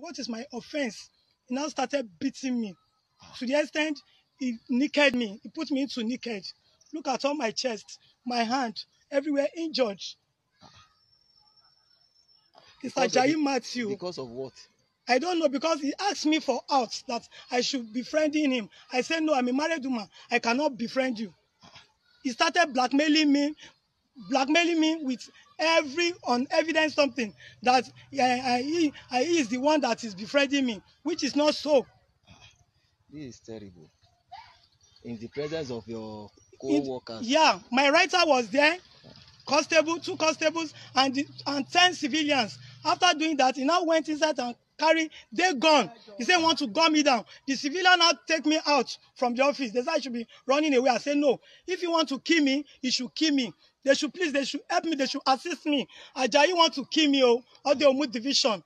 what is my offense he now started beating me to the extent he naked me he put me into naked look at all my chest my hand everywhere injured it's ajayi matthew because of what i don't know because he asked me for out that i should befriend him i said, no i'm a married woman i cannot befriend you he started blackmailing me blackmailing me with every on evidence something that yeah, eh, he, eh, he is the one that is befriending me, which is not so. Ah, this is terrible. In the presence of your co-workers. It, yeah, my writer was there, constable, two constables, and and ten civilians. After doing that, he now went inside and carry their gun. he said, want to gun me down the civilian now take me out from the office they said i should be running away i say no if you want to kill me you should kill me They should please, they should help me, they should assist me. Ajayi want to kill me, oh, all the Omu division.